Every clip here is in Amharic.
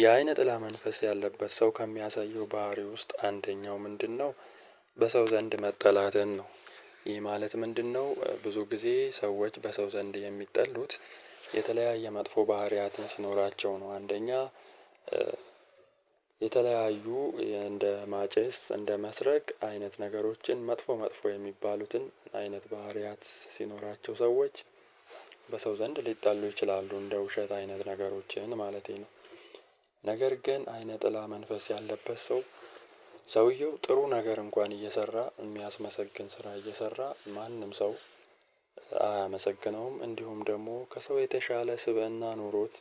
የአይነ ጥላ መንፈስ ያለበት ሰው ከሚያሳየው ባህሪ ውስጥ አንደኛው ምንድን ነው? በሰው ዘንድ መጠላትን ነው። ይህ ማለት ምንድን ነው? ብዙ ጊዜ ሰዎች በሰው ዘንድ የሚጠሉት የተለያየ መጥፎ ባህሪያትን ሲኖራቸው ነው። አንደኛ የተለያዩ እንደ ማጨስ እንደ መስረቅ አይነት ነገሮችን መጥፎ መጥፎ የሚባሉትን አይነት ባህሪያት ሲኖራቸው ሰዎች በሰው ዘንድ ሊጠሉ ይችላሉ እንደ ውሸት አይነት ነገሮችን ማለት ነው ነገር ግን አይነ ጥላ መንፈስ ያለበት ሰው ሰውየው ጥሩ ነገር እንኳን እየሰራ የሚያስመሰግን ስራ እየሰራ ማንም ሰው አያመሰግነውም። እንዲሁም ደግሞ ከሰው የተሻለ ስብዕና ኑሮት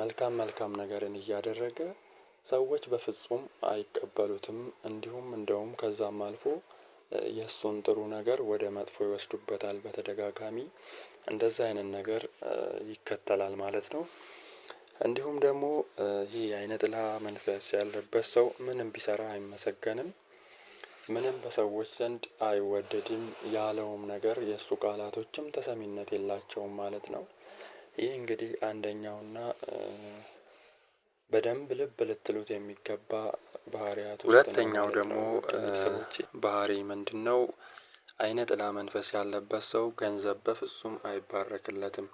መልካም መልካም ነገርን እያደረገ ሰዎች በፍጹም አይቀበሉትም። እንዲሁም እንደውም ከዛም አልፎ የእሱን ጥሩ ነገር ወደ መጥፎ ይወስዱበታል። በተደጋጋሚ እንደዛ አይነት ነገር ይከተላል ማለት ነው። እንዲሁም ደግሞ ይህ አይነ ጥላ መንፈስ ያለበት ሰው ምንም ቢሰራ አይመሰገንም ምንም በሰዎች ዘንድ አይወደድም ያለውም ነገር የእሱ ቃላቶችም ተሰሚነት የላቸውም ማለት ነው። ይህ እንግዲህ አንደኛውና በደንብ ልብ ልትሉት የሚገባ ባህሪያት ውስጥ ሁለተኛው ደግሞ ባህሪ ምንድነው? አይነ ጥላ መንፈስ ያለበት ሰው ገንዘብ በፍጹም አይባረክለትም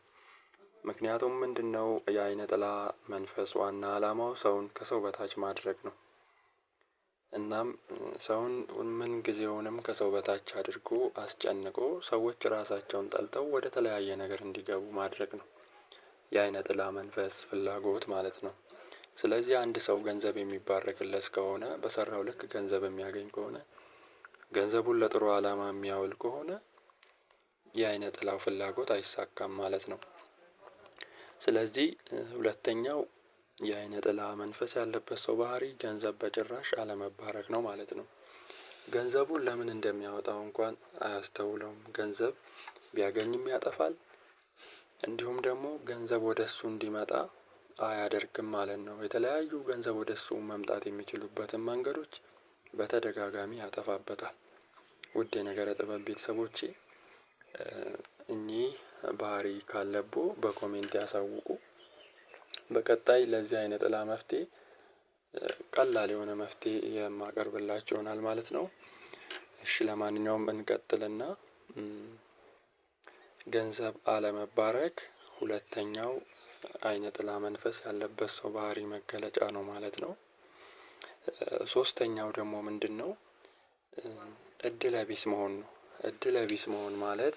ምክንያቱም ምንድን ነው የአይነ ጥላ መንፈስ ዋና ዓላማው ሰውን ከሰው በታች ማድረግ ነው። እናም ሰውን ምን ጊዜውንም ከሰው በታች አድርጎ አስጨንቆ ሰዎች ራሳቸውን ጠልተው ወደ ተለያየ ነገር እንዲገቡ ማድረግ ነው። የአይነ ጥላ መንፈስ ፍላጎት ማለት ነው። ስለዚህ አንድ ሰው ገንዘብ የሚባረክለት ከሆነ በሰራው ልክ ገንዘብ የሚያገኝ ከሆነ ገንዘቡን ለጥሩ ዓላማ የሚያውል ከሆነ የአይነ ጥላው ፍላጎት አይሳካም ማለት ነው። ስለዚህ ሁለተኛው የአይነ ጥላ መንፈስ ያለበት ሰው ባህሪ ገንዘብ በጭራሽ አለመባረክ ነው ማለት ነው። ገንዘቡን ለምን እንደሚያወጣው እንኳን አያስተውለውም። ገንዘብ ቢያገኝም ያጠፋል፣ እንዲሁም ደግሞ ገንዘብ ወደ እሱ እንዲመጣ አያደርግም ማለት ነው። የተለያዩ ገንዘብ ወደ እሱ መምጣት የሚችሉበትን መንገዶች በተደጋጋሚ ያጠፋበታል። ውድ የነገረ ጥበብ ቤተሰቦቼ እኚህ ባህሪ ካለቦ በኮሜንት ያሳውቁ። በቀጣይ ለዚህ አይነት ጥላ መፍትሄ ቀላል የሆነ መፍትሄ የማቀርብላቸው ይሆናል ማለት ነው። እሺ ለማንኛውም እንቀጥልና ገንዘብ አለመባረክ ሁለተኛው አይነ ጥላ መንፈስ ያለበት ሰው ባህሪ መገለጫ ነው ማለት ነው። ሶስተኛው ደግሞ ምንድን ነው? እድለቢስ መሆን ነው። እድለቢስ መሆን ማለት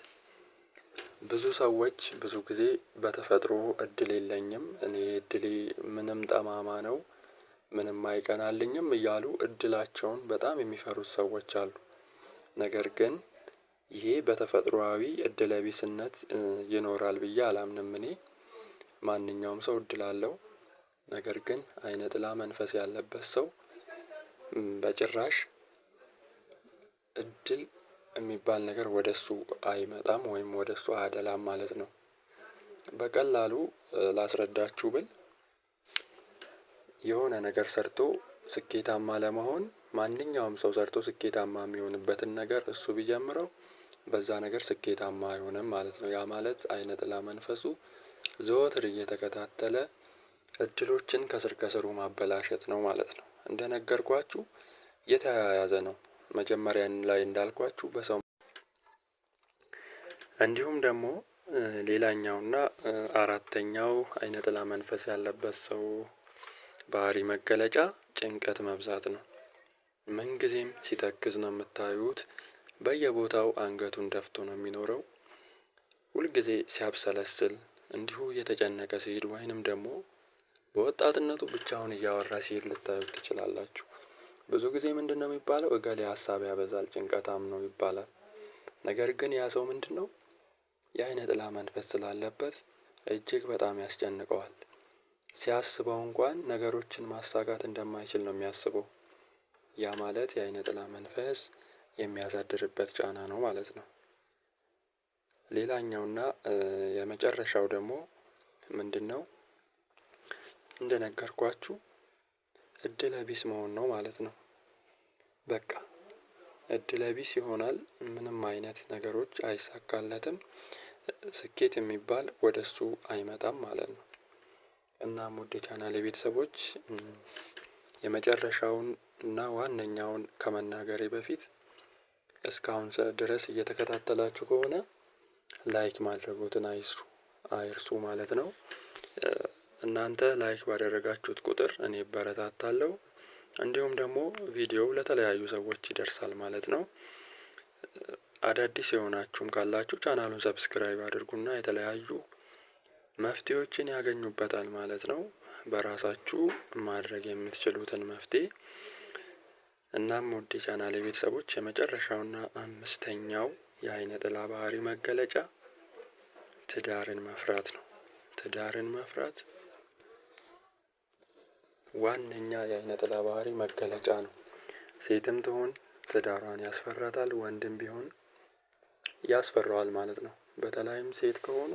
ብዙ ሰዎች ብዙ ጊዜ በተፈጥሮ እድል የለኝም እኔ እድሌ ምንም ጠማማ ነው ምንም አይቀናልኝም እያሉ እድላቸውን በጣም የሚፈሩት ሰዎች አሉ። ነገር ግን ይሄ በተፈጥሮአዊ እድለቢስነት ይኖራል ብዬ አላምንም። እኔ ማንኛውም ሰው እድል አለው። ነገር ግን አይነ ጥላ መንፈስ ያለበት ሰው በጭራሽ እድል የሚባል ነገር ወደ እሱ አይመጣም ወይም ወደ እሱ አያደላም ማለት ነው። በቀላሉ ላስረዳችሁ ብል የሆነ ነገር ሰርቶ ስኬታማ ለመሆን ማንኛውም ሰው ሰርቶ ስኬታማ የሚሆንበትን ነገር እሱ ቢጀምረው በዛ ነገር ስኬታማ አይሆንም ማለት ነው። ያ ማለት አይነ ጥላ መንፈሱ ዘወትር እየተከታተለ እድሎችን ከስር ከስሩ ማበላሸት ነው ማለት ነው። እንደነገርኳችሁ የተያያዘ ነው መጀመሪያ ላይ እንዳልኳችሁ በሰው እንዲሁም ደግሞ ሌላኛውና አራተኛው አይነ ጥላ መንፈስ ያለበት ሰው ባህሪ መገለጫ ጭንቀት መብዛት ነው። ምንጊዜም ሲተክዝ ነው የምታዩት። በየቦታው አንገቱን ደፍቶ ነው የሚኖረው። ሁልጊዜ ሲያብሰለስል እንዲሁ እየተጨነቀ ሲሄድ ወይንም ደግሞ በወጣትነቱ ብቻውን እያወራ ሲሄድ ልታዩት ትችላላችሁ። ብዙ ጊዜ ምንድን ነው የሚባለው? እገሌ ሀሳብ ያበዛል ጭንቀታም ነው ይባላል። ነገር ግን ያ ሰው ምንድን ነው የአይነ ጥላ መንፈስ ስላለበት እጅግ በጣም ያስጨንቀዋል። ሲያስበው እንኳን ነገሮችን ማሳካት እንደማይችል ነው የሚያስበው። ያ ማለት የአይነ ጥላ መንፈስ የሚያሳድርበት ጫና ነው ማለት ነው። ሌላኛውና የመጨረሻው ደግሞ ምንድን ነው እንደነገርኳችሁ እድለ ቢስ መሆን ነው ማለት ነው። በቃ እድለ ቢስ ይሆናል። ምንም አይነት ነገሮች አይሳካለትም። ስኬት የሚባል ወደ እሱ አይመጣም ማለት ነው። እና ሙድ ቻናል ቤተሰቦች የመጨረሻውን እና ዋነኛውን ከመናገሬ በፊት እስካሁን ድረስ እየተከታተላችሁ ከሆነ ላይክ ማድረጉትን አይርሱ ማለት ነው። እናንተ ላይክ ባደረጋችሁት ቁጥር እኔ እበረታታለሁ። እንዲሁም ደግሞ ቪዲዮው ለተለያዩ ሰዎች ይደርሳል ማለት ነው። አዳዲስ የሆናችሁም ካላችሁ ቻናሉን ሰብስክራይብ አድርጉና የተለያዩ መፍትሄዎችን ያገኙበታል ማለት ነው። በራሳችሁ ማድረግ የምትችሉትን መፍትሄ። እናም ውድ የቻናሌ ቤተሰቦች የመጨረሻውና አምስተኛው የአይነ ጥላ ባህሪ መገለጫ ትዳርን መፍራት ነው። ትዳርን መፍራት ዋነኛ የነጠላ ባህሪ መገለጫ ነው። ሴትም ትሁን ትዳሯን ያስፈራታል ወንድም ቢሆን ያስፈራዋል ማለት ነው። በተለይም ሴት ከሆኑ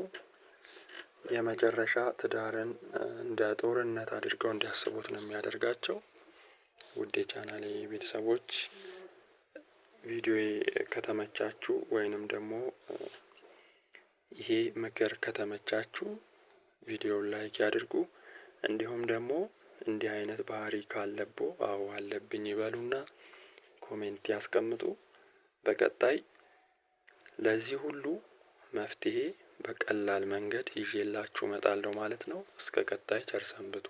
የመጨረሻ ትዳርን እንደ ጦርነት አድርገው እንዲያስቡት ነው የሚያደርጋቸው። ውድ የቻናሌ ቤተሰቦች ቪዲዮ ከተመቻችሁ ወይንም ደግሞ ይሄ ምክር ከተመቻችሁ ቪዲዮውን ላይክ ያድርጉ። እንዲሁም ደግሞ እንዲህ አይነት ባህሪ ካለቦ አዎ አለብኝ ይበሉና ኮሜንት ያስቀምጡ። በቀጣይ ለዚህ ሁሉ መፍትሄ በቀላል መንገድ ይዤላችሁ እመጣለሁ ማለት ነው። እስከ ቀጣይ ቸር ሰንብቱ።